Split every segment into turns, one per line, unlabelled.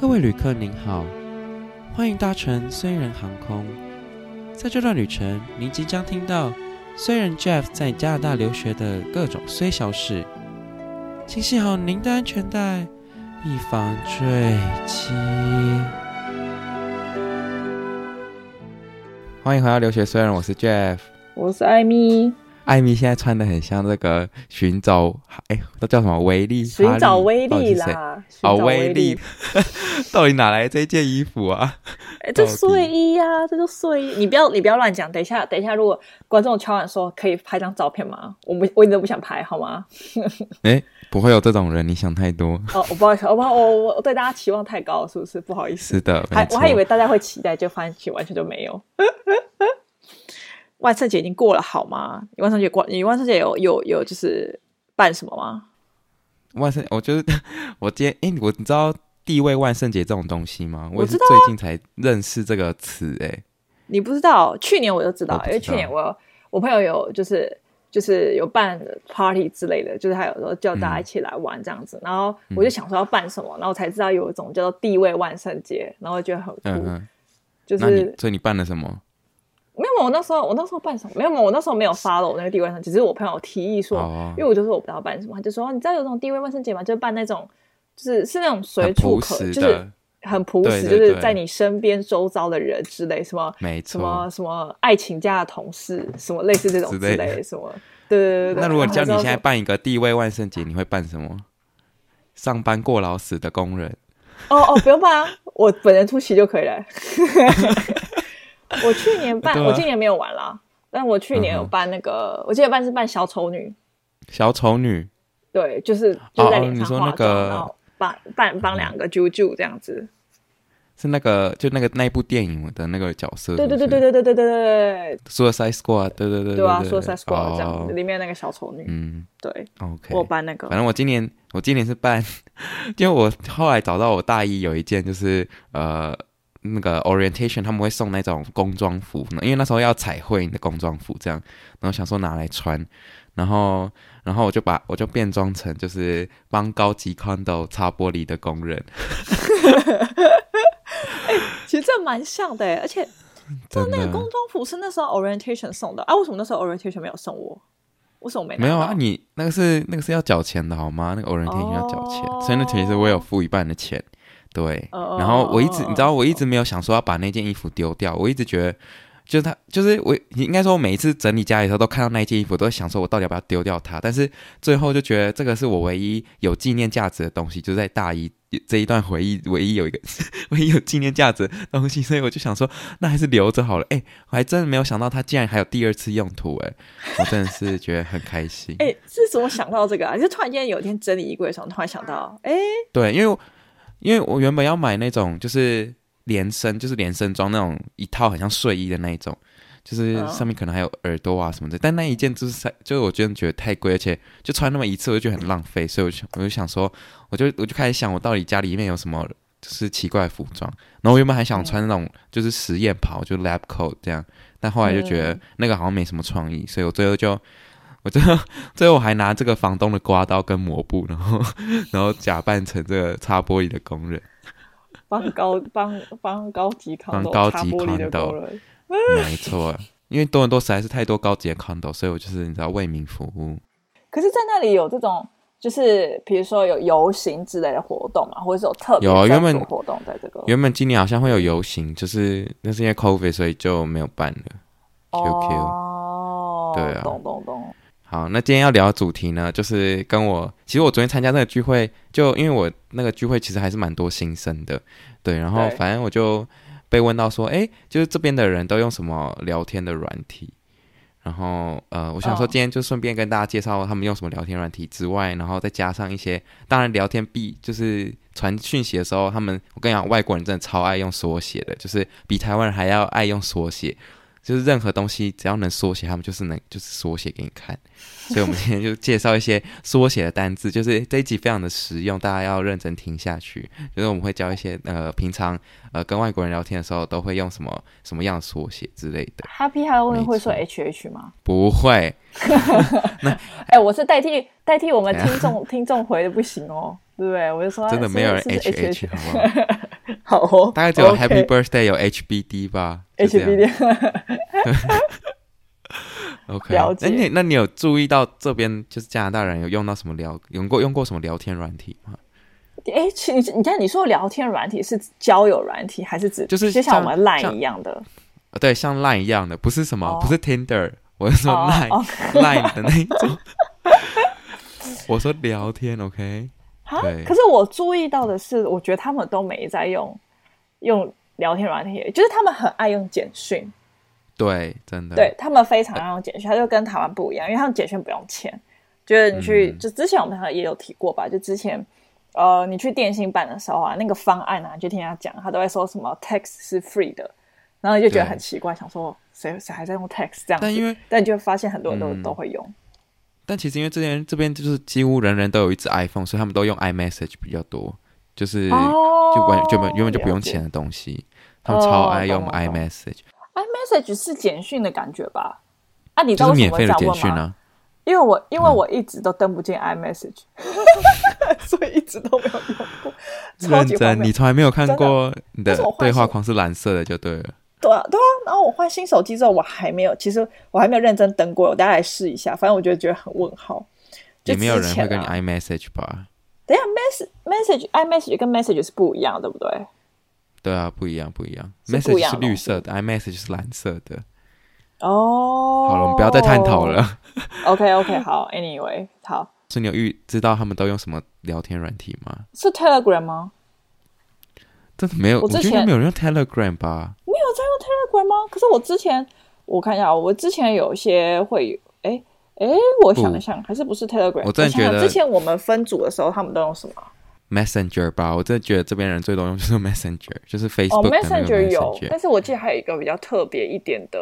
各位旅客您好，歡迎搭乘雖然航空。在這，這段旅程，您即將聽到雖然 Jeff 在加拿大留學的各種雖小事。請繫好您的安全帶，以防墜機。歡迎回到留學雖然，我是 Jeff，
我是艾咪。
艾咪現在穿得很像那個尋找，哎、欸，都叫什麼？威力？尋找威力啦！好威力。到底， 到底哪來這件衣服啊？哎、欸，這睡
衣呀，這都睡衣。你不要，你不要亂講。等一下，等一下，如果觀眾敲碗說可以拍張照片嗎？我們我真的不想拍，好嗎？
哎、 欸，不會有這種人，你想太多。 哦，
我不好意思，我我我我對大家期望太高了，是不是？不好意思。是的。還我還以為大家會期待，就發現完全就沒有。 萬聖節已經過了好嗎？你萬聖節過，你萬聖節有有有就是辦什麼嗎？
萬聖我就是，我今天誒、欸，我你知道地位萬聖節這種東西嗎？我也是最近才認識這個詞誒、欸
啊。你不知道，去年我就知道，知道因為去年我我朋友有就是就是有辦 party 之類的，就是他有時候叫大家一起來玩這樣子，嗯，然後我就想說要辦什麼，然後我才知道有一種叫做地位萬聖節，然後我覺得很酷，嗯，就
是，所以你辦了什麼？
沒有，我那時候我那時候辦什麼？沒有嘛？我那時候沒有發了。我那個地位上，只是我朋友提議說、啊，因為我就說我不知道他辦什麼，他就說、啊、你知道有那種地位萬聖節嘛，就辦那種，就是是那種隨處可見，就是很樸實，對對對，就是在你身邊周遭的人之類什麼，沒錯，什麼什麼愛請假的同事，什麼類似這種之類，之類，什麼對對，對對對。那如果叫你現在
辦一個地位萬聖節、啊，你會辦什麼？上班過勞死的工人？
哦哦，不用辦，我本人出席就可以了。 我去年扮、啊啊，我今年沒有玩啦。但我去年有扮那個，嗯、我記得扮是扮小丑女，
小丑女，
對，就是就是、在臉上化妝、哦你說那個，然後扮扮扮兩個啾啾這樣子，
是那個就那個那一部電影的那個角色，對對
對對對對對 Suicide Squad,
對對，Suicide Squad，對對對，對啊，Suicide Squad 這樣子、哦，裡
面那個小丑女，嗯，對，okay, 我扮那個，反正
我今年我今年是扮， 因為我後來找到我大一有一件就是呃。那個 orientation 他們會送那種工裝服，因為那時候要彩繪，你的工裝服這樣，然後想說拿來穿，然後，然後我就把我就變裝成就是幫高級 condo 擦玻璃的工人。
哎、 欸，其實這蠻像的、欸，而且，
那那個工
裝服是那時候 orientation 送的，啊，為什麼那時候 orientation 沒有送我？為什麼沒沒有啊
你？你那個是那個是要繳錢的好嗎？那個 orientation、oh、要繳錢，所以那其實我有付一半的錢。對，oh. 然後我一直你知道，我一直沒有想說要把那件衣服丟掉。我一直覺得，就是他，就是我應該說，我每一次整理家裡的時候，都看到那件衣服，都想說，我到底要不要丟掉它？但是最後就覺得，這個是我唯一有紀念價值的東西，就在大一這一段回憶，唯一有一個， 唯一有紀念價值的東西。所以我就想說，那還是留着好了。哎，我還真的沒有想到，它竟然還有第二次用途。哎，我真的是覺得很開心。哎
是怎麼想到這個啊？就突然間有一天整理衣櫃的時候，突然想到，哎，
對，因為我。因為我原本要買那種就是連身，就是連身裝那種一套，很像睡衣的那種，就是上面可能還有耳朵啊什麼的。但那一件就是，就是我真覺得太貴，而且就穿那麼一次，我就覺得很浪費。所以，我我就想說，我就我就開始想，我到底家裡面有什麼就是奇怪服裝。然後我原本還想穿那種就是實驗袍，就 lab coat 這樣，但後來就覺得那個好像沒什麼創意，所以我最後就。我最後最後還拿這個房東的刮刀跟抹布，然後然後假扮成這個擦玻璃的工人，
幫高幫幫高級康，幫高級康斗。沒
錯、啊， 因為多倫多實在是太多高級的康斗，所以我就是你知道為民服務。
可是，在那裡有這種就是比如說有遊行之類的活動啊，或者是有特別的、啊啊、活動？在這個原
本今年好像會有遊行，就是那是因為 COVID，所以就沒有辦了。Q Q 哦，oh, 對啊，懂懂懂。好，那今天要聊的主題呢，就是跟我其實我昨天參加那個聚會，就因為我那個聚會其實還是蠻多新生的，對，然後反正我就被問到說，哎，就是這邊的人都用什麼聊天的軟體？然後呃，我想說今天就順便跟大家介紹他們用什麼聊天軟體之外，然後再加上一些，當然聊天必就是傳訊息的時候，他們我跟你講，外國人真的超愛用縮寫的，就是比台灣人還要愛用縮寫。就是任何東西只要能縮寫，他們就是能就是縮寫給你看。所以我們今天就介紹一些縮寫的單字， 就是這一集非常的實用，大家要認真聽下去。就是我們會教一些呃，平常呃跟外國人聊天的時候都會用什麼什麼樣的縮寫之類的。
Happy，還有你會說 H H 嗎？
不會。哎
那欸，我是代替代替我們聽眾 聽眾回的不行哦。對我就說、啊、真的沒有人 H H，好嗎？ 好哦，大概只有 Happy、okay.
Birthday 有 H B D 吧。H B D，OK。了解。哎、 okay.，那你那你有注意到這邊就是加拿大人有用到什麼聊用過用過什麼聊天軟體嗎
？h 你你看你說聊天軟體是交友軟體還是指就是像，就像我們
Line 一樣的？對，像 Line 一樣的，不是什麼、oh. 不是 Tinder，我是說 Line、oh, okay. Line 的那種。 我說聊天 OK。啊，可
是我注意到的是，我覺得他們都沒在用用聊天軟件，就是他們很愛用簡訊。
對，真的，對，他
們非常愛用簡訊，他就跟台灣不一樣，因為他們簡訊不用錢。就是你去，嗯、就之前我們好像也有提過吧？就之前，呃，你去電信辦的時候啊，那個方案啊，就聽他講，他都會說什麼 text 是 free 的，然後你就覺得很奇怪，想說誰誰還在用 text 這樣子？但因為，但你就會發現很多人都、嗯、都會用。
但其實因為，這邊這邊就是幾乎人人都有一支 iPhone，所以他們都用 iMessage 比較多，就是就完，原、哦、本原本就不用錢的東西，他們超愛用 iMessage。Oh,
no, no. iMessage 是簡訊的感覺吧？啊，你就是免費的簡訊呢、啊？因為我因為我一直都登不進 iMessage，、嗯、 所以一直都沒有用過。 認真，
你從來沒有看過的你的對話框是藍色的，就對了。
對啊，對啊，然後我換新手機之後，我還沒有，其實我還沒有認真登過，我等一下來試一下。反正我覺得覺得很問號。
有、啊、沒有人會跟你 i message 吧？
等下 message message i message 跟 message 是不一樣，對不對？
對啊，不一樣，不一樣。是一樣 message 是綠色的，的，i message 是藍色的。
哦、oh，好了，我們不要再探討了。 OK OK，好，Anyway，好。
所以你有知道他們都用什麼聊天軟體嗎？
是 Telegram 嗎？
真的沒有？我之我覺得沒有人用 Telegram 吧？
嗎？可是我之前我看一下，我之前有些會有，哎、欸、哎、欸，我想想，還是不是 Telegram？我真的覺得想想之前我們分組的時候，他們都用什麼
Messenger 吧？我真的覺得這邊人最多用就是 Messenger，就是 Facebook 哦。哦，Messenger 有，但
是我記得還有一個比較特別一點的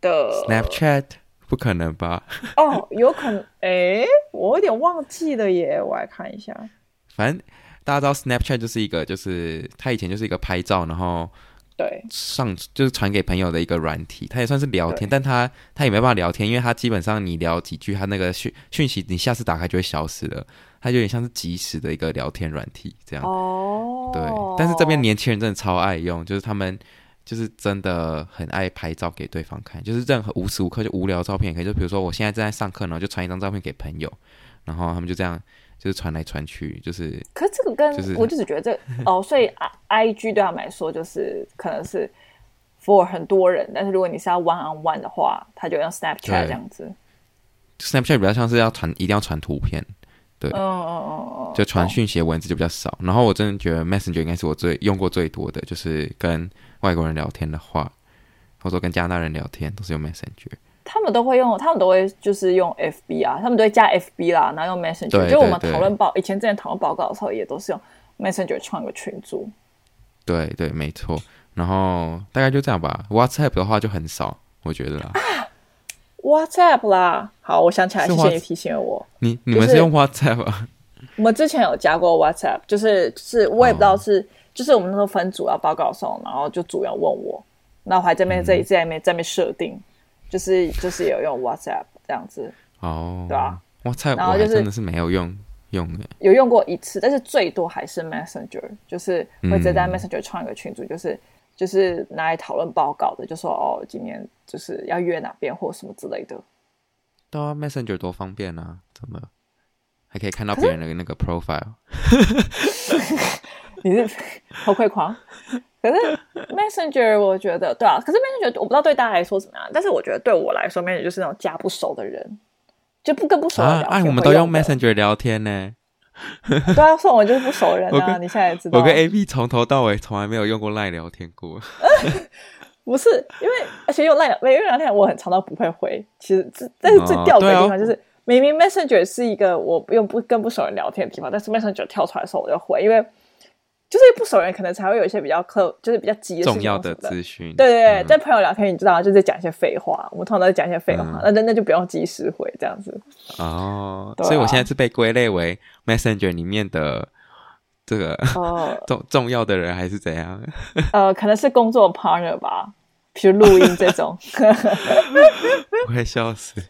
的
Snapchat，不可能吧？
哦、oh,，有可能，哎、 欸，我有點忘記了耶，我來看一下。反
正大家知道 Snapchat 就是一個，就是他以前就是一個拍照，然後。對，上就是傳給朋友的一個軟體，它也算是聊天，但它它也沒辦法聊天，因為它基本上你聊幾句，它那個訊訊息你下次打開就會消失了，它就有點像是即時的一個聊天軟體這樣。哦，對，但是這邊年輕人真的超愛用，就是他們就是真的很愛拍照給對方看，就是任何無時無刻就無聊照片也可以，就比如說我現在正在上課，然後就傳一張照片給朋友，然後他們就這樣。就是傳來傳去，就是。可
是這個跟、就是、我就只覺得這 哦，所以 IG 對他們來說就是可能是 for 很多人，但是如果你是要 one on one 的話，他就用 Snapchat 這樣
子。Snapchat 比較像是要傳，一定要傳圖片，對，oh, oh, oh. 就傳訊息文字就比較少。Oh. 然後我真的覺得 Messenger 應該是我最用過最多的，就是跟外國人聊天的話，或者說跟加拿大人聊天都是用 Messenger。
他們都會用，他們都會就是用 FB 啊，他們都會加 FB 啦，然後用 Messenger 對對對。就我們討論報，以前之前討論報告的時候也都是用 Messenger 創個群組。對
對、對，沒錯。然後大概就這樣吧。WhatsApp 的話就很少，我覺得啦。
啊，WhatsApp 啦，好，我想起來，謝謝你提醒我。Whats,
你你們是用 WhatsApp？啊？就是、
我們之前有加過 WhatsApp，就是就是我也不知道是，oh. 就是我們那時候分組要、啊、報告的時候，然後就組員問我，然後我還在沒、嗯、在在沒在沒設定。就是就是有用 WhatsApp 這樣子
哦，oh, 對啊，WhatsApp 然後、就是、我還真的是沒有用用耶。
有用過一次，但是最多還是 Messenger，就是會直接在 Messenger 創一個群組，嗯、就是就是拿來討論報告的，就說哦今天就是要約哪邊或什麼之類的。
對、啊、Messenger 多方便啊，怎麼還可以看到別人的那個 profile？
是 你是偷窺狂？可是 Messenger 我覺得對啊，可是 Messenger 我不知道對大家來說怎麼樣、啊，但是我覺得對我來說，Messenger 就是那種加不熟的人，就不跟不熟的人聊天的。哎、啊，我、啊、們都用
Messenger 聊天呢。
對啊，說我就是不熟的人啊。 你現在也知道，我跟,跟 AB
從頭到尾從來沒有用過 LINE 聊天過。
不是，因為而且用 LINE 聊，因為聊天我很常常不會回。其實這，但是最吊的地方就是、哦哦、明明 Messenger 是一個我不用不跟不熟人聊天的地方，但是 Messenger 跳出來的時候我就回，因為。就是不熟人可能才會有一些比較刻，就是比較及時重要的資訊的、嗯。對對對，在朋友聊天，你知道，就在、是、講一些廢話。嗯、我們通常在講一些廢話，那那那就不用及時回這樣子。
哦、啊，所以我現在是被歸類為 Messenger 裡面的這個、哦、 重重要的人還是怎樣？
呃，可能是工作 partner 吧。比
如錄音這種、 啊，會笑死，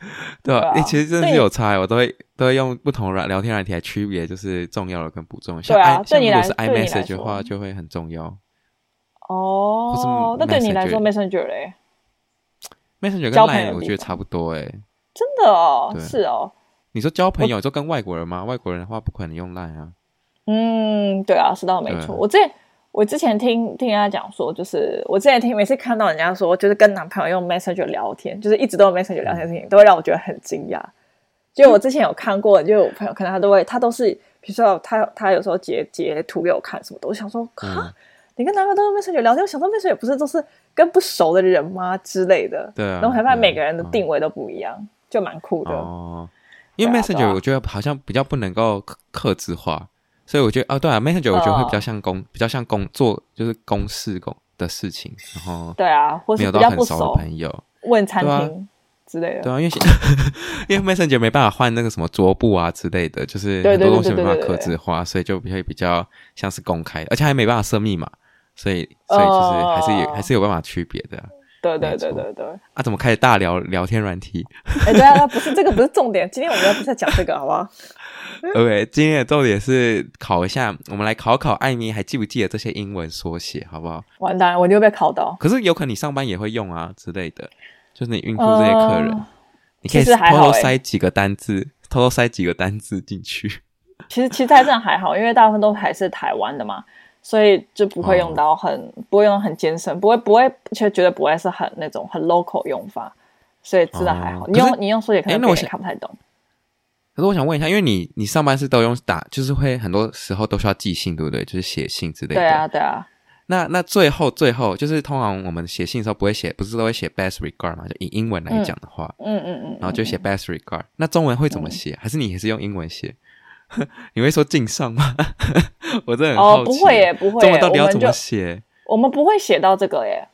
對吧？哎其實真的是有差，我都會都會用不同的聊天軟體來區別，就是重要的跟不重要的。對啊，像 i, 對你來說，如果是 iMessage 的話，就會很重要。哦，
那對你來說
，Messenger 呢？Messenger 跟 Line 我覺得差不多，哎，
真的哦，是
哦。你說交朋友就跟外國人嗎？外國人的話不可能用 Line 啊。嗯，
對啊，是的，沒錯，我這。我之前聽聽人家講說，就是我之前聽，每次看到人家說，就是跟男朋友用 Messenger 聊天，就是一直都有 Messenger 聊天的事情，都會讓我覺得很驚訝。就我之前有看過，就我朋友可能他都會，他都是，比如說他他有時候截截圖給我看什麼的，我想說啊、嗯，你跟男朋友都用 Messenger 聊天，我想說 Messenger 不是都是跟不熟的人嗎之類的？對、啊、那我還然後才發現每個人的定位都不一樣，嗯、就蠻酷的。哦。
因為 Messenger 我覺得好像比較不能夠客製化。所以我覺得啊、哦，對啊，Messenger 我覺得會比較像公，uh, 比較像公做，就是公事公的事情，然後沒有到很對啊，或者比較不熟的朋友
問餐廳之類的，對啊，因
為 因為 Messenger 沒辦法換那個什麼桌布啊之類的，就是很多東西沒辦法客製化。對對對對對對對對，所以就比較比較像是公開的，而且還沒辦法設密碼，所以所以就是還是有，uh, 還是有辦法區別的、啊。
對對
對對對，啊，怎麼開始大聊聊天軟體？
哎，對啊，不是 這個不是重點，今天我們要不是在講這個， 好不好
？OK，今天的重點是考一下，我們來考考艾咪還記不記得這些英文縮寫，好不好？
完蛋，我就被考到。
可是有可能你上班也會用啊之類的，就是你運輸這些客人，呃、你可以其實還偷偷塞幾個單字，偷偷塞幾個單字進去。
其實其實還這樣還好， 因為大部分都還是台灣的嘛。所以就不會用到很、oh. 不會用到很艱深，不會不會，其實絕對不會是很那種很 local 用法，所以知道還好。Oh. 你用是你用書也可以看不太懂。
可是我想問一下，因為你你上班是都用打，就是會很多時候都需要寄信，對不對？就是寫信之類的。對啊對啊。那那最後最後就是通常我們寫信的時候不會寫，不是都會寫 best regard 嘛？就以英文來講的話，嗯嗯嗯,嗯，然後就寫 best regard。嗯、那中文會怎麼寫？嗯？還是你也是用英文寫？ 你會說敬上嗎？ 我真的很哦，不會耶，不會耶。我到底要怎麼寫
我？我們不會寫到這個耶，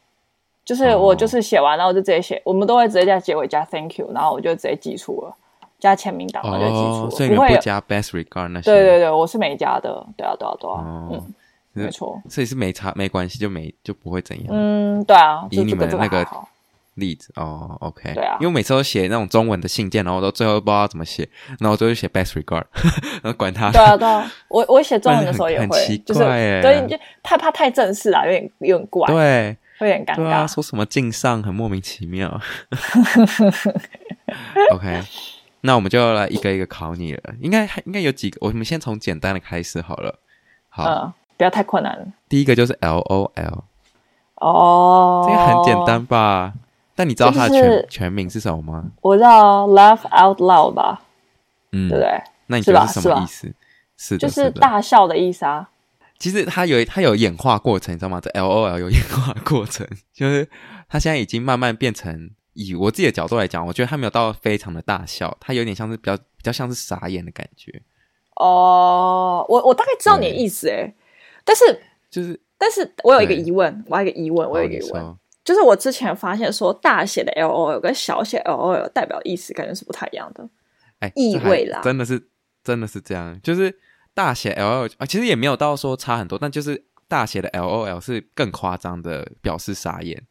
就是我就是寫完了，我就直接寫、哦，我們都會直接在結尾加 thank you，然後我就直接寄出了，加簽名檔我就寄出了。不、哦、會，所以你們不
加 best regard 那些。對
對對，我是沒加的。對啊，對啊，對啊。對啊，哦、嗯，
沒錯，所以是沒差沒關係，就沒就不會怎樣。嗯，對啊，以你們那個。例子哦，OK，、對啊、因為我每次都寫那種中文的信件，然後我都最後不知道怎麼寫，然後我最後就寫 Best regard，呵呵，然後管他對啊對啊，
我我寫中文的時候也會很，很奇怪，所以就害、是、怕太正式了，有點有點怪，對，會有點尷尬對、
啊，說什麼敬上很莫名其妙。 OK，那我們就來一個一個考你了，應該應該有幾個，我們先從簡單的開始好了，好，嗯、
不要太困難
了。第一個就是 LOL，
哦，這個很簡單
吧？但你知道他的全、就是、全名是什麼嗎？
我知道 Laugh Out Loud 吧，嗯，
對不對？那你知道是什麼意思？是，是，的是就是大
笑的意思啊。
其實他有他有演化過程，你知道嗎？這 LOL 有演化過程，就是他現在已經慢慢變成以我自己的角度來講，我覺得他沒有到非常的大笑，他有點像是比較比較像是傻眼的感覺。哦、
uh，我我大概知道你的意思哎，但是就是但是我有一個疑問，我還有一個疑問，我有一個疑問。就是我之前發現說，大寫的 L O L 跟小寫 L O L 代表意思感覺是不太一樣的，
哎，意味啦，真的是，真的是這樣，就是大寫 L O L 啊，其實也沒有到說差很多，但就是大寫的 L O L 是更誇張的表示傻眼，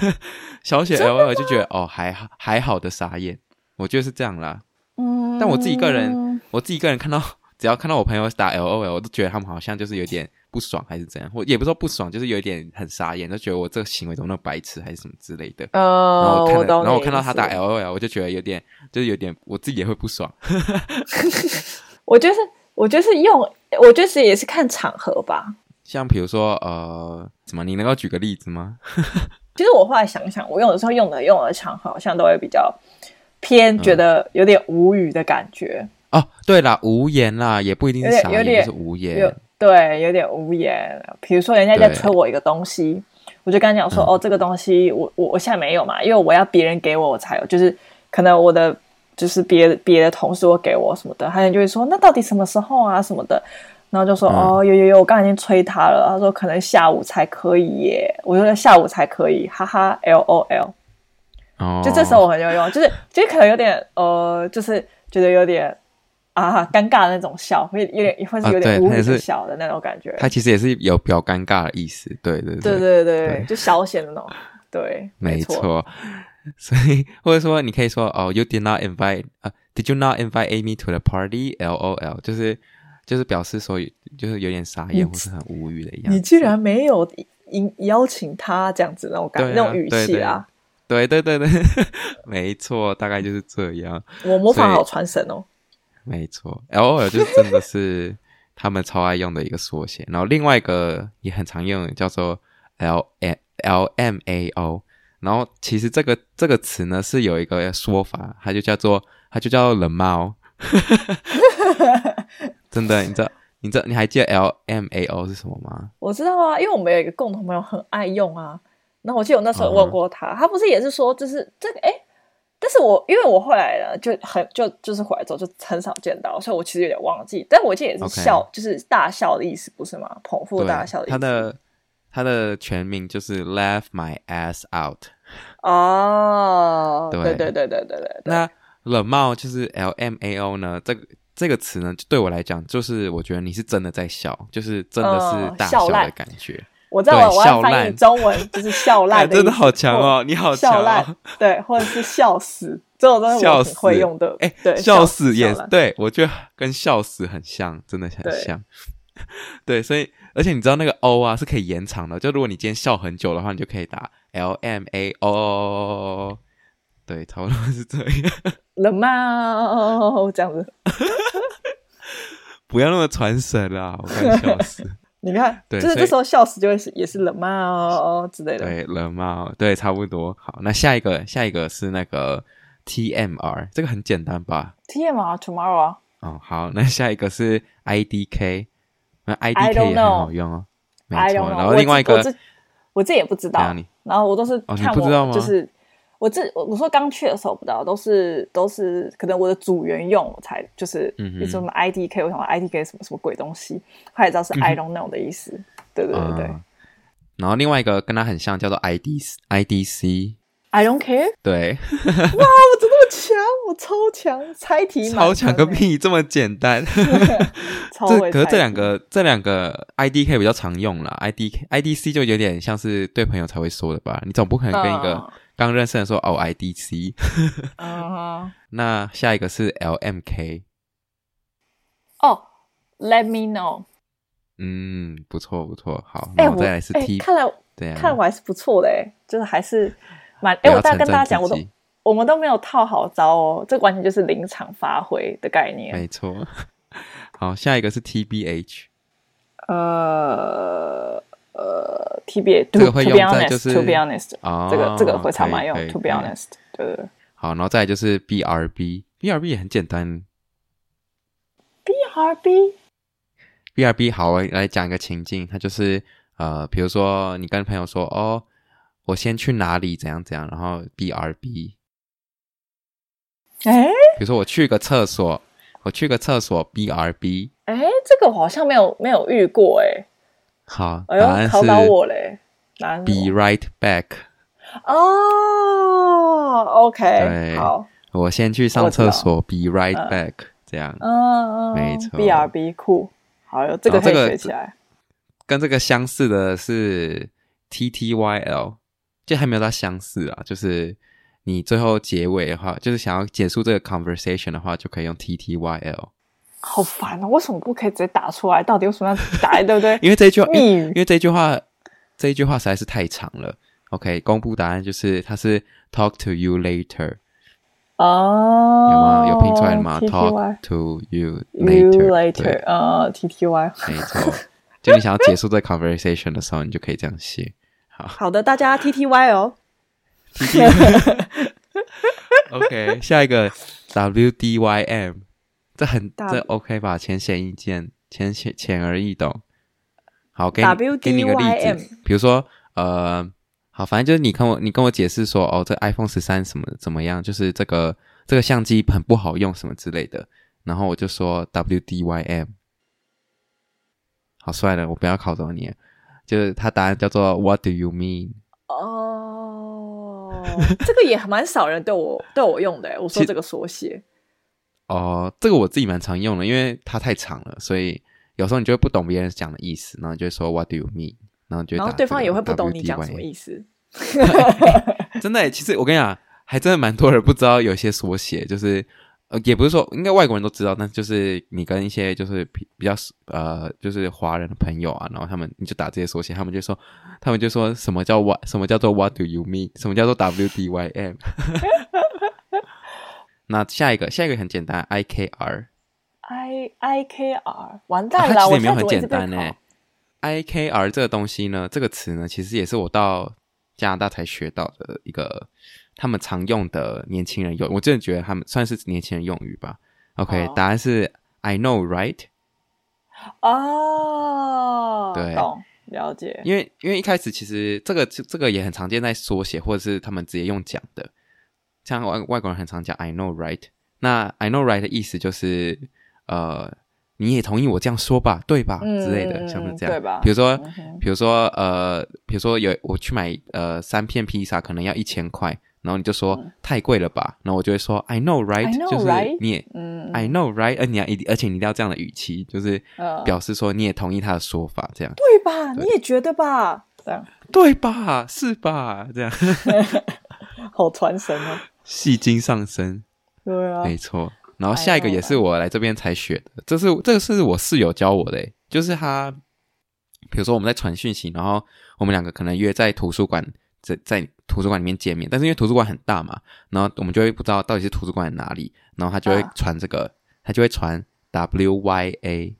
小寫 L O L 就覺得哦，還好，還好的傻眼，我覺得是這樣啦，嗯，但我自己個人，我自己個人看到，只要看到我朋友打 L O L，我都覺得他們好像就是有點。不爽還是怎樣？我也不是說不爽，就是有一點很傻眼，就覺得我這個行為怎麼那麼白痴，還是什麼之類的。哦，然後，看我，然後我看到他打 LOL，我就覺得有點，就是有點，我自己也會不爽。
我就是，我就是用，我就是也是看場合吧。
像比如說，呃，怎麼？你能夠舉個例子嗎？
其實我後來想想，我用的時候用的用的場合，好像都會比較偏，覺得有點無語的感覺。嗯、
哦，對了，無言啦，也不一定是傻眼，就是無言。
對，有點無言。比如說，人家在催我一個東西，我就跟他講說、嗯：“哦，這個東西我我我現在沒有嘛，因為我要別人給我我才有。就是可能我的就是別的別的同事會給我什麼的。他就會說，那到底什麼時候啊什麼的？然後就說：嗯、哦，有有有，我剛才已經催他了。他說可能下午才可以耶。我說下午才可以，哈哈，LOL。
就這時
候我很有用，就是就可能有點呃，就是覺得有點。”啊，尷尬的那種笑會有點，會是有點無語的笑的、啊、那種感覺。他
其實也是有比較尷尬的意思，對對對對對對，對
就小寫的那種。對，沒錯。
沒錯，所以或者說，你可以說哦、 oh,，You did not invite，呃、uh,，Did you not invite Amy to the party？L O L，就是就是表示說，就是有點傻眼或是很無語的樣子。你
竟然沒有邀邀請他這樣子那種感覺、啊、那種語氣啊？
對對對對， 沒錯，大概就是這樣。我模仿好傳神哦。沒錯，LOL 就真的是他們超愛用的一個縮寫， 然後另外一個也很常用的，叫做 L L L M A O。然後其實這個這個詞呢是有一個說法，嗯、它就叫做它就叫冷貓。 真的，你知道，你知道，你還記得 L M A O 是什麼嗎？
我知道啊，因為我們有一個共同朋友很愛用啊。那我記得我那時候問過他，哦啊、他不是也是說就是這個哎。欸但是我因為我後來呢就很就就是回來之後就很少見到，所以我其實有點忘記。但我記得也是笑，okay. 就是大笑的意思，不是嗎？捧腹大笑的意思。他的
他的全名就是 laugh my ass out，oh。
哦，對對對對對
對。那冷帽就是 LMAO 呢？這個這個詞呢，對我來講就是我覺得你是真的在笑，就是真的是大笑的感覺。嗯我在玩，我要翻譯中文，
就是笑爛的、 欸，真的好強哦笑爛！你好強、啊，對，或者是笑死，這種都是我會用的對。對，笑死也對，
我覺得跟笑死很像，真的很像。對，對所以而且你知道那個 O 啊是可以延長的，就如果你今天笑很久的話，你就可以打 L M A O。對，差不多是這樣。
冷嗎？這樣子，
不要那麼傳神啦、啊，我看你笑死。
你看，就是這時候笑死就會是
也是 LMAO 哦之類的。對，LMAO，對，差不多。好，那下一個下一個是那個 T M R，這個很簡單吧
？T M R tomorrow。
哦，好，那下一個是 I D K，那 I D K 也很好用哦。I don't know。沒錯，然後另外一個，我，
我，我這也不知道。啊、然後我都是、哦、你不知道嗎？我，就是。我這我我說剛去的時候不知道，都是都是可能我的組員用才就是，嗯，說 IDK，說 IDK 是什麼 I D K？我想 I D K 什麼什麼鬼東西？他也知道是 I don't、嗯、know 的意思，
對對對對、嗯。然後另外一個跟他很像，叫做、IDC、I D I D C，I don't care。對，
哇，我怎麼那麼強？我超強猜題，超強個屁，
這麼簡單。 這可是這兩個這兩個 I D K 比較常用啦，I D I D C 就有點像是對朋友才會說的吧？你總不可能跟一個、嗯。剛認識的時候，I D C。OIDC, 呵呵 uh -huh. 那下一個是 L M K。哦、
oh,，Let me know。嗯，
不錯不錯，好。哎、欸，我再來是 t...、欸。t 看來，對、啊，看
來我還是不錯的，就是還是蠻……哎、欸，我再跟大家講，我都我們都沒有套好招哦，這完全就是臨場發揮的概念。沒
錯。好，下一個是 T B H。
呃、uh...。呃，T B A，對不對？這個會用在就是 To be honest，啊、哦，這個 okay, 這個會常常用 okay, To be honest，、okay.
對對對。好，然後再就是 B R B，B R B 也很簡單。
B R B，B
R B。好，我來講一個情境，它就是呃，比如說你跟朋友說哦，我先去哪裡，怎樣怎樣，然後 B R B。哎、
欸，
比如說我去個廁所，我去個廁所 B R B。哎、
欸，這個我好像沒有沒有遇過哎、欸。
好，答案是我
嘞，Be
right back。哦、
哎 right oh,，OK，好，
我先去上廁所，Be right back，、嗯、這樣，嗯
嗯，沒錯，BRB 酷，好，這個這個學起來、
這個，跟這個相似的是 TTYL，就還沒有到相似啊，就是你最後結尾的話，就是想要結束這個 conversation 的話，就可以用 TTYL。好
煩哦、啊！為什麼不可以直接打出來？到底有什麼要打？對不對？因為這句話，因
為這句話，這一句話實在是太長了。OK，公布答案就是它是 talk to you later。哦、oh,，有
嗎？有拼出來嗎 TTY,？Talk to
you later, you later。呃、uh,，TTY。沒錯，就你想要結束這個 conversation 的時候， 你就可以這樣寫。好
好的，大家 TTY 哦。t t
OK，下一個 W D Y M。這很這 OK 吧？淺顯易見，淺顯淺而易懂。好，給你給你個例子，比如說，呃，好，反正就是你跟我你跟我解釋說，哦，這 iPhone 十三什麼怎麼樣？就是這個這個相機很不好用，什麼之類的。然後我就說 W D Y M，好帥的，我不要考着你。就是他答案叫做 What do you mean？哦，
這個也蠻少人對我 對，對我用的，我說這個縮寫。
哦、呃，這個我自己蠻常用的，因為它太長了，所以有時候你就會不懂別人講的意思，然後就會說 What do you mean？然後就然後對方也會不懂你講什
麼意思。
真的，其實我跟你講，還真的蠻多人不知道有些縮寫，就是、呃、也不是說應該外國人都知道，但就是你跟一些就是比比較呃，就是華人的朋友啊，然後他們你就打這些縮寫，他們就說他們就說什麼叫，什麼叫 What？什麼叫做 What do you mean？什麼叫做 W D Y M？ 那下一個，下一個很簡單，IKR，I K
R，I I K R，完蛋了，我、啊、其實也沒有很簡單耶，我現在怎
麼一直被考。I K R 這個東西呢，這個詞呢，其實也是我到加拿大才學到的一個，他們常用的年輕人用語，我真的覺得他們算是年輕人用語吧。OK，oh. 答案是 I know, right？哦，oh，對，
懂，了解，因為
因為一開始其實這個這這個也很常見，在縮寫或者是他們直接用講的。像外外國人很常講 I know right，那 I know right 的意思就是，呃，你也同意我這樣說吧，對吧、嗯、之類的，像是這樣，比如說，okay. 比如說，呃，比如說有我去買呃三片披薩，可能要一千塊，然後你就說、嗯、太貴了吧，然後我就會說 I know right，I know right，就是你也、嗯、I know right，而你而且你一定要這樣的語氣，就是表示說你也同意他的說法，這樣、嗯、
對吧？你也覺得吧？這樣
對吧？是吧？這樣。
好
傳神啊、哦！戲精上身，對啊，沒錯。然後下一個也是我來這邊才學的，啊啊、這是這個是我室友教我的，就是他，比如說我們在傳訊息，然後我們兩個可能約在圖書館，在在圖書館裡面見面，但是因為圖書館很大嘛，然後我們就會不知道到底是圖書館在哪裡，然後他就會傳這個，啊、他就會傳 W Y A。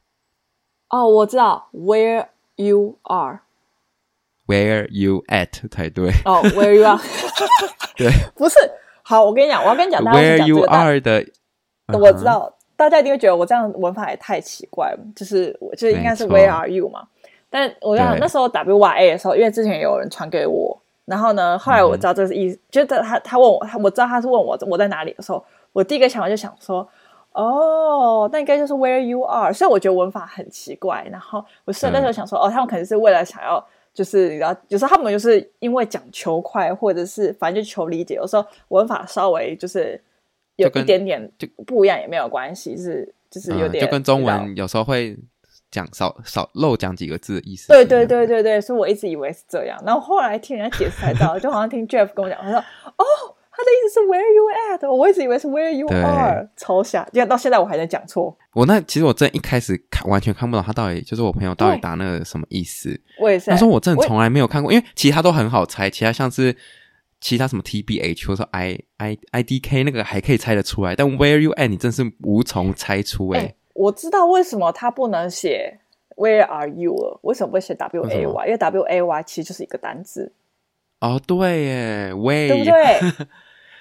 哦、oh,，我知道，Where you are。
Where you at？才對
哦、oh,，Where you are 對， 不是好，我跟你講，我要跟你講大家
知道
我知道大家一定會覺得我這樣文法也太奇怪就是我就是應該是 Where are you 嘛？但我跟那時候 W Y A 的時候，因為之前有人傳給我，然後呢，後來我知道這是意思，覺、嗯、他他問我，他我知道他是問我我在哪裡的時候，我第一個想法就想說，哦，那應該就是 Where you are，所以我覺得文法很奇怪，然後我所以那時候想說，哦，他們可能是為了想要。就是然後有時候他們就是因為講求快，或者是反正就求理解。有時候文法稍微就是有一點點就，就不一樣也沒有關係，就是就是有點、嗯、就跟中
文有時候會講少少漏講幾個字的意思的。
對對對對對，所以我一直以為是這樣，然後後來聽人家解釋才知道，就好像聽 Jeff 跟我講， 他說哦。他的意思是 Where you at？我一直以為是 Where you are，超傻！你看到現在我還在講錯。
我那其實我真的一開始看完全看不懂，他到底就是我朋友到底答那個什麼意思？我也是。他說我真的從來沒有看過，因為其他都很好猜，其他像是其他什麼 T B H 或者說 I I I D K 那個還可以猜得出來，但 Where you at？你真是無從猜出哎、欸欸。
我知道為什麼他不能寫 Where are you？為什麼不能寫 W A Y？因為 W A Y 其實就是一個單字。
哦，對耶，Way？對不對？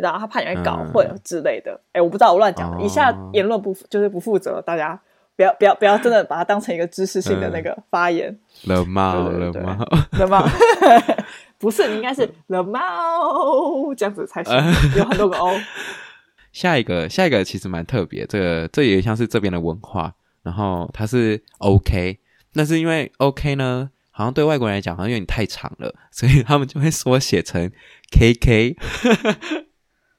然後他怕你會搞混之類的，哎、嗯，我不知道，我亂講了以下言論，言論不就是不負責，大家不要不要不要真的把它當成一個知識性的那個發言。
LMAO，LMAO，LMAO，
不是，應該是 LMAO、嗯嗯，這樣子才行、嗯，有很多個哦。
下一個，下一個其實蠻特別，這個這也像是這邊的文化，然後它是 OK，那是因為 OK 呢，好像對外國人來講好像有點太長了，所以他們就會縮寫成 KK。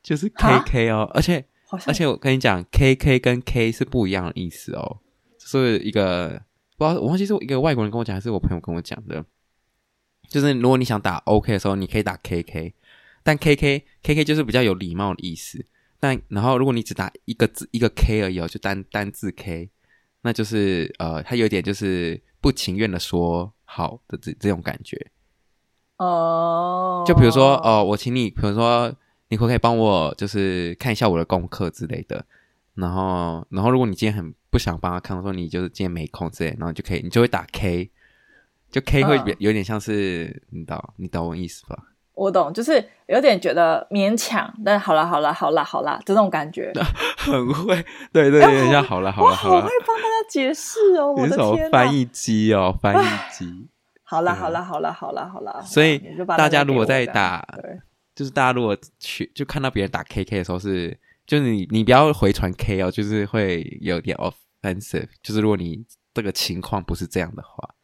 就是 K K 哦，而且而且我跟你講，K K 跟 K 是不一樣的意思哦。是一個不知道我忘記是一個外國人跟我講，還是我朋友跟我講的。就是如果你想打 OK 的時候，你可以打 K K，但 K K K K 就是比較有禮貌的意思。但然後如果你只打一個字一個 K 而已哦，就單單字 K，那就是呃，他有點就是不情願的說好的這這種感覺。
哦，就比如
說哦、呃，我請你，比如說。你可不可以幫我就是看一下我的功課之類的，然後然後如果你今天很不想幫他看，說你就是今天沒空之類，然後就可以你就會打 K，就 K 會有點像是，嗯、你懂你懂我意思吧？
我懂，就是有點覺得勉強，但好啦、嗯、好啦、好啦、好啦，這種感覺，
很會，對對對，有點像好啦、好啦、好啦。我會
幫大家解釋哦，我的天，翻譯
機哦，翻譯機，
好啦、好啦、好啦、好啦，好啦，所以大家如果在打。
就是大家如果去，就看到別人打 K K 的時候是，就是你你不要回傳 K 哦，就是會有點 offensive。就是如果你這個情況不是這樣的話，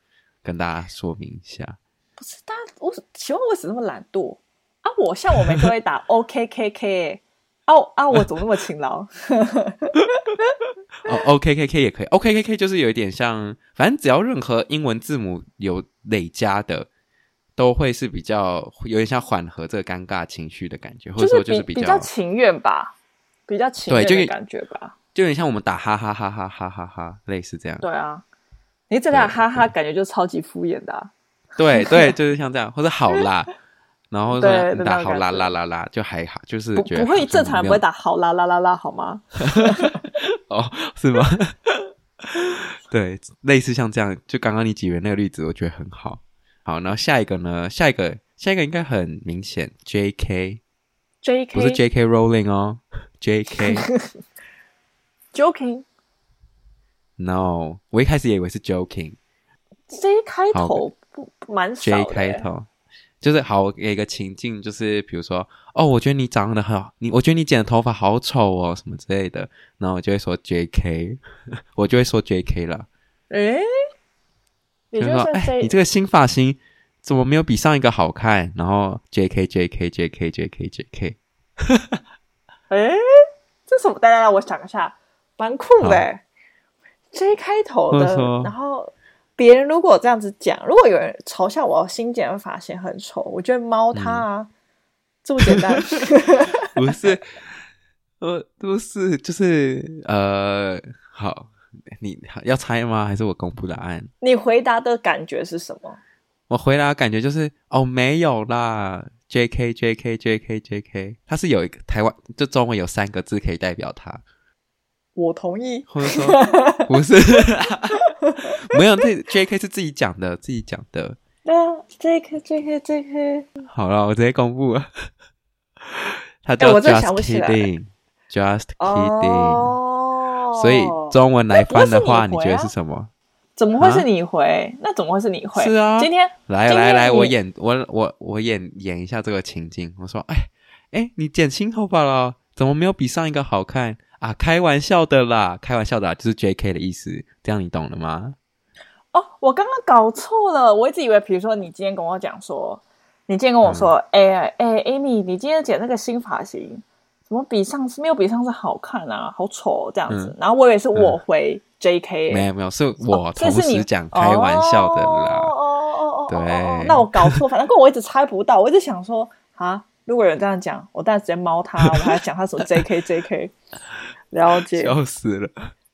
跟大家說明一下。
不是大家我請問為什麼那麼懶惰啊？我像我們都會打 O K K K 啊啊！我怎麼那麼勤勞？呵
呵。哦 O K K K 也可以，O K K K 就是有一點像，反正只要任何英文字母有累加的，都會是比較有點像緩和這個尷尬情緒的感覺，就是、或者說就是比較，比較情
願吧，比較情願就的感覺吧，
就有點像我們打哈哈哈哈哈哈，類似這樣。
對啊，你這倆哈哈感覺就超級敷衍的、
啊。對對，就是像這樣，或者好啦， 然後說打好啦啦啦啦，就還好，就是覺得不，不會正常人不會打好
啦啦啦啦，好嗎？
哦，是嗎？ 對，類似像這樣，就剛剛你舉的那個例子，我覺得很好。好，然後下一個呢？下一個，下一個應該很明顯，J K，J K 不是 J K Rowling 哦，J
K，Joking，No，
我一開始也以為是 Joking，J
開頭不蠻少 J 開頭，
就是好給一個情境，就是比如說哦，我覺得你長得很，好，你我覺得你剪的頭髮好醜哦，什麼之類的，然後我就會說 J K， 我就會說 J K 了，誒。也就是說：“哎，你這個新髮型怎麼沒有比上一個好看？”然後 J K J K J K J K J K，哎
這什麼單單？大家讓我想一下，蠻酷的、欸、J 開頭的呵呵。然後別人如果我這樣子講，如果有人嘲笑我，我新剪的髮型很醜，我就貓他啊、嗯，這麼簡單。
不是，我都是就是呃，好。你要猜嗎？還是我公布答案？
你回答的感覺是什麼？
我回答的感覺就是哦，沒有啦。J K J K J K J K，它是有一個台灣，就中文有三個字可以代表它。
我同意，或者說不是， 沒有、這
個、J K 是自己講的，自己講的。那、no,
J K J K J K，
好了，我直接公布了， 他叫、欸、Just kidding，Just kidding、uh...。所以中文來翻的話你、啊，你覺得是什麼？怎麼會是
你回？啊、那怎麼會是你回？
是啊，今天來今天來來，我演我我我演演一下這個情境。我說，哎、欸、哎、欸，你剪新頭髮了，怎麼沒有比上一個好看啊？開玩笑的啦，開玩笑的啦，就是 JK 的意思。這樣你懂了嗎？
哦，我剛剛搞錯了，我一直以為，比如說，你今天跟我講說，你今天跟我說，哎、嗯、哎、欸欸欸、，Amy，你今天剪那個新髮型。我比上次沒有比上次好看啊，好醜這樣子。嗯、然後我以為是我回 J K，沒、欸、有、嗯、
沒有，是我同時講開玩笑的啦。哦哦哦哦，哦，哦，哦，那我
搞錯，反正跟我一直猜不到， 我一直想說啊，如果有人這樣講，我當然直接貓他，我還講他說 J K J K，了
解，笑死了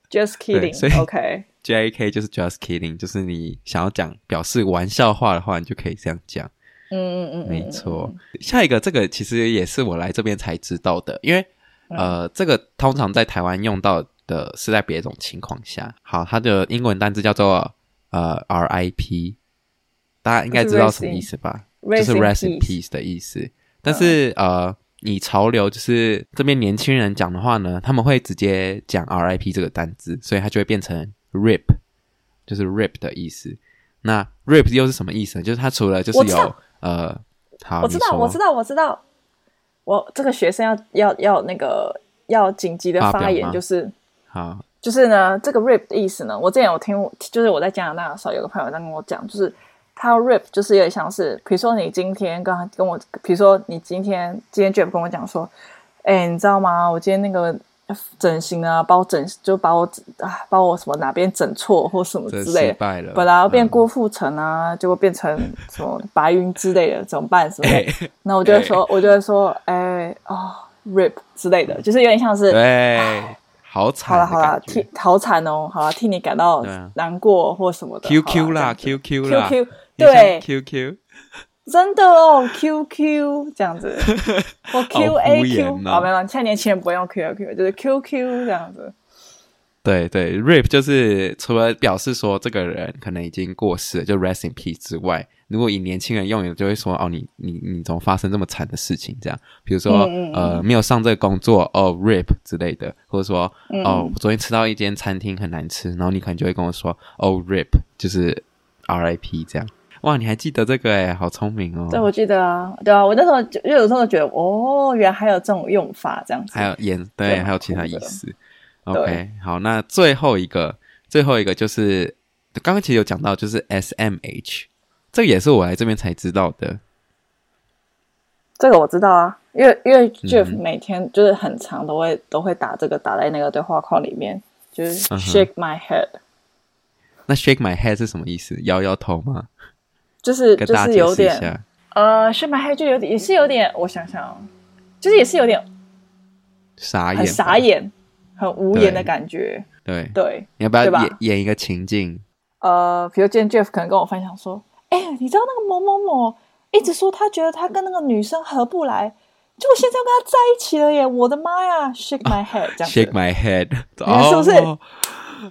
，Just kidding，OK、
okay. J K 就是 Just kidding，就是你想要講表示玩笑話的話，你就可以這樣講。嗯嗯嗯，沒錯。下一個，這個其實也是我來這邊才知道的，因為呃，這個通常在台灣用到的是在別種情況下。好，它的英文單字叫做呃 RIP，大家應該知道什麼意思吧？是 Racing, 就是 rest in peace 的意思。但是，uh. 呃，你潮流就是這邊年輕人講的話呢，他們會直接講 RIP 這個單字，所以它就會變成 RIP，就是 RIP 的意思。那 RIP 又是什麼意思呢？就是它除了就是有呃好，我知道，我知
道，我知道，我這個學生要要要那個要緊急的發言，就是好，就是呢，這個 RIP 的意思呢，我之前有聽，就是我在加拿大的時候，有個朋友在跟我講，就是他 RIP 就是有點像是，比如說你今天剛跟我，比如說你今天今天 Jim 跟我講說，哎、欸，你知道嗎？我今天那個。整形啊，把我整，就把我啊，把我什麼哪邊整錯或什麼之類的，本來要變郭富城啊、嗯，結果變成什麼白雲之類的， 怎麼辦？ 那我就， 我就會說，我就會說，哎哦，rip 之類的，就是有點像是，對，啊、
好慘，好了
好了，替好慘哦，好了，替你感到難過或什麼的、啊、啦
，qq 啦，qq 啦，qq 對，qq。
真的哦，QQ 這樣子， 我 Q A Q，好、哦哦，沒有，現在年輕人不會用 Q A Q，就是 QQ
這樣子。對對，RIP 就是除了表示說這個人可能已經過世了，就 Rest in Peace 之外，如果以年輕人用，也就會說哦，你你你怎麼發生這麼慘的事情？這樣，比如說、嗯、呃，沒有上這個工作哦，RIP 之類的，或者說哦，我昨天吃到一間餐廳很難吃，然後你可能就會跟我說哦，RIP，就是 R I P 這樣。哇，你還記得這個哎，好聰明哦！對，我
記得啊，對啊，我那時候就有時候就覺得，哦，原來還有這種用法，這樣子
還有演對，還有其他意思。OK，好，那最後一個，最後一個就是剛剛其實有講到，就是 SMH，這個也是我來這邊才知道的。
這個我知道啊，因為因為 Jeff、嗯、每天就是很常都會都會打這個打在那個對話框裡面，就是 shake my head。
嗯、那 shake my head 是什麼意思？搖搖頭嗎？就是就是有點，
呃，shake my head 就有點，也是有點，我想想，就是也是有點傻眼、很傻眼、很無言的感覺。對
對，對你要不要演演一個情境？
呃，比如今天 Jeff 可能跟我分享說：“哎、 欸，你知道那個某某某一直說他覺得他跟那個女生合不來，結果現在要跟她在一起了耶！我的媽呀，shake my head、uh, 這樣
，shake my head，你是不是，哦。Oh. ”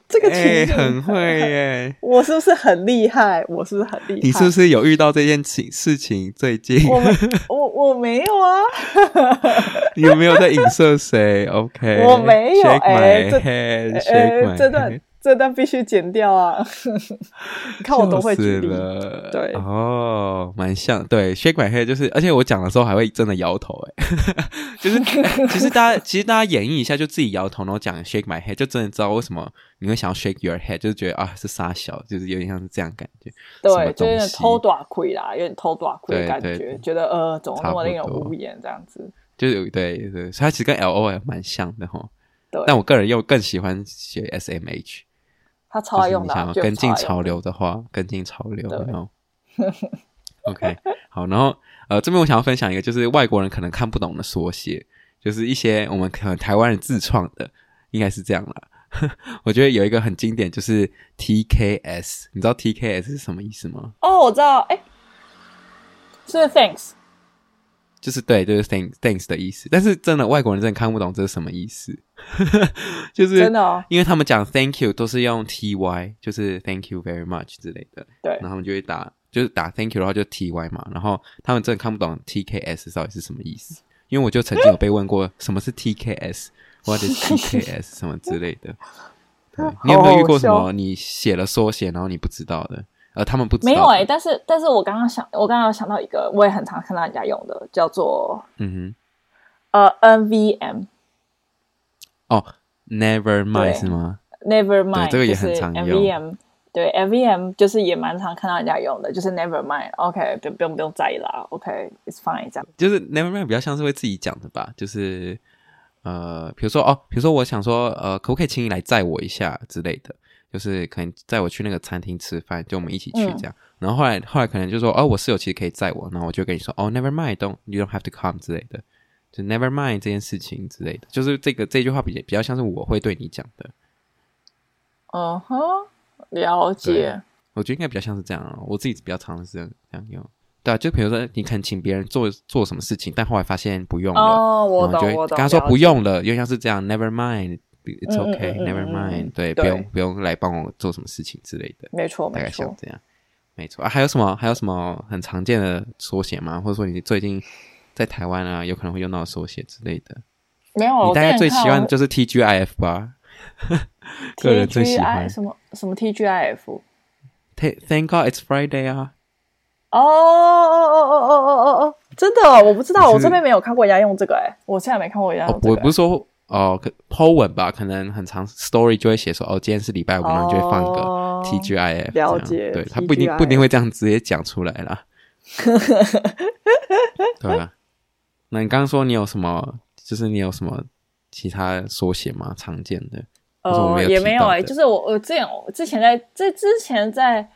這個群很、欸、很
會耶，
我是不是很厲害？我是不是很厲害？你是
不是有遇到這件情事情？最近
我沒我，我沒有啊， 你
有沒有在影射誰？OK，我沒有哎，欸 shake my head，欸欸 shake my head。這段。
這段必須剪掉啊！你 看我都會剪
掉、就是，對哦，蠻像對。shake my head 就是，而且我講的時候還會真的搖頭誒 就是 其實大家其實大家演繹一下，就自己搖頭然後講 shake my head，就真的知道為什麼你會想要 shake your head，就是覺得啊是殺小，就是有點像是這樣的感覺。對，就是
偷短虧啦，有點偷短虧的感覺，覺得呃總那麼那種無言這樣
子。就是對，所以他其實跟 L O L 也蠻像的哈，但我個人又更喜歡寫 S M H。
他超好用的，我覺得。跟進潮
流的話，的跟進潮流。 OK，好，然後，呃，這邊我想要分享一個，就是外國人可能看不懂的縮寫，就是一些我們可能台灣人自創的，嗯、應該是這樣了。 我覺得有一個很經典，就是 TKS，你知道 TKS 是什麼意思嗎？哦，我
知道，哎，是，是 Thanks。
就是對，就是 thanks thanks 的意思，但是真的外國人，真的看不懂這是什麼意思，呵呵，就是真的、啊，因為他們講 thank you 都是用 ty，就是 thank you very much 之類的，對，然後他們就會打就是打 thank you，然後就 ty 嘛，然後他們真的看不懂 tks 到底是什麼意思，因為我就曾經有被問過什麼是 tks 或 者 tks 什麼之類的， 對，你有沒有遇過什麼你寫了縮寫然後你不知道的？呃，他們不知道。沒有誒、欸，但
是，但是我剛剛想，我剛剛想到一個，我也很常看到人家用的，叫做嗯
哼，
呃、uh,，NVM。
哦、oh, never,，Never mind 是嗎？Never mind，對、就是、這個也很常用。NVM,
對，NVM 就是也蠻常看到人家用的，就是 Never mind，OK，、okay, 不用不用在意啦，OK，It's、okay, fine 這樣。
就是 Never mind 比較像是會自己講的吧，就是呃，比如說哦，比如說我想說，呃，可不可以請你來載我一下之類的。就是可能載我去那個餐廳吃飯，就我們一起去這樣。嗯、然後後來後來可能就說哦，我室友其實可以載我，然後我就跟你說哦，never mind，don't you don't have to come 之類的，就 never mind 這件事情之類的，就是這個這句話比較比較像是我會對你講的。嗯
哼，了解。
我覺得應該比較像是這樣，我自己比較常是這樣，這樣用。對啊，就比如說你懇請別人做做什麼事情，但後來發現不用了，oh, 我懂然後就會我懂。剛才說不用了，因為像是這樣，never mind。It's okay, 嗯嗯嗯嗯 never mind. 對，嗯嗯對對不用不用來幫我做什麼事情之類的。沒錯，沒錯大概像這樣。
沒錯啊，還有什
麼還有什麼很常見的縮寫嗎？或者說你最近在台灣啊，有可能會用到縮寫之類的？沒有、哦，你大概最喜歡就是 T G I F 吧？我我 barely, 個人最喜歡、TGIF、什麼什麼、TGIF? T G I F？Thank God it's Friday 啊！哦哦哦哦哦哦
哦哦！真的？我不知道，我這邊沒有看過人家用這個。哎，我現在沒看過人家。Oh, 我不
是說。哦，po 文吧，可能很常 story 就會寫說，哦，今天是禮拜五，哦、就會放個 T G I F，了解、對、TGIF、他不一定不一定會這樣直接講出來啦。 對吧？那你剛剛說你有什麼，就是你有什麼其他縮寫嗎？常見的？呃，我我沒有也沒有哎、欸，就是
我之前我之前之前在這之前在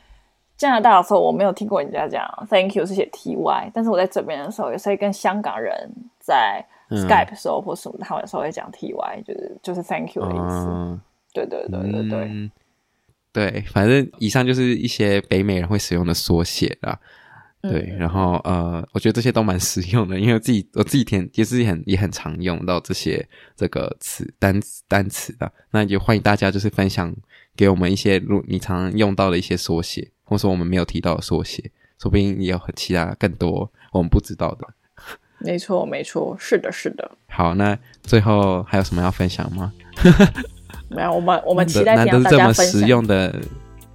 加拿大的時候，我沒有聽過人家講 Thank you 是寫 T Y，但是我在這邊的時候，也是跟香港人在。Skype
的時候、嗯、或什麼，他們稍微講 TY，就是就是 Thank you 的意思。嗯、對對對對對，對、嗯，對，反正以上就是一些北美人會使用的縮寫啦。對，嗯、然後呃，我覺得這些都蠻實用的，因為我自己我自己填，也是很也很常用到這些這個詞單詞單詞的。那也歡迎大家就是分享給我們一些，如你常，常用到的一些縮寫，或者說我們沒有提到的縮寫，說不定也有其他更多我們不知道的。
沒錯，沒錯，是的，是的。
好，那最後還有什麼要分享嗎？
沒有，我們我們期待聽到大家分享。難得這麼實用
的，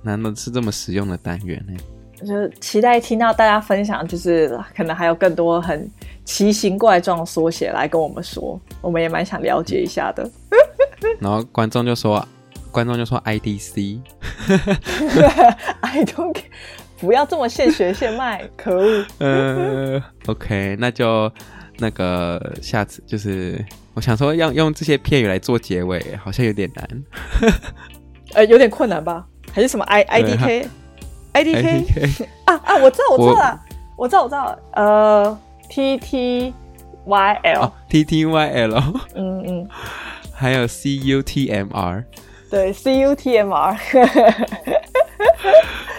難得是這麼實用的單元呢。就
是期待聽到大家分享，就是可能還有更多很奇形怪狀的縮寫來跟我們說，我們也蠻想了解一下的。
然後觀眾就說，觀眾就說、IDC、
，I D C，I don't care。不要這麼現學現賣， 可惡惡！嗯 、
呃、，OK，那就那個下次就是，我想說用用這些片語來做結尾，好像有點難。
呃、 欸，有點困難吧？還是什麼 I、嗯、I D K I D K 啊啊！我知道，我知道了我我知道，我
知道，我知道。呃，T T Y L、啊、T T Y L，嗯嗯， 還有 C U T M R，
對，C U T M R。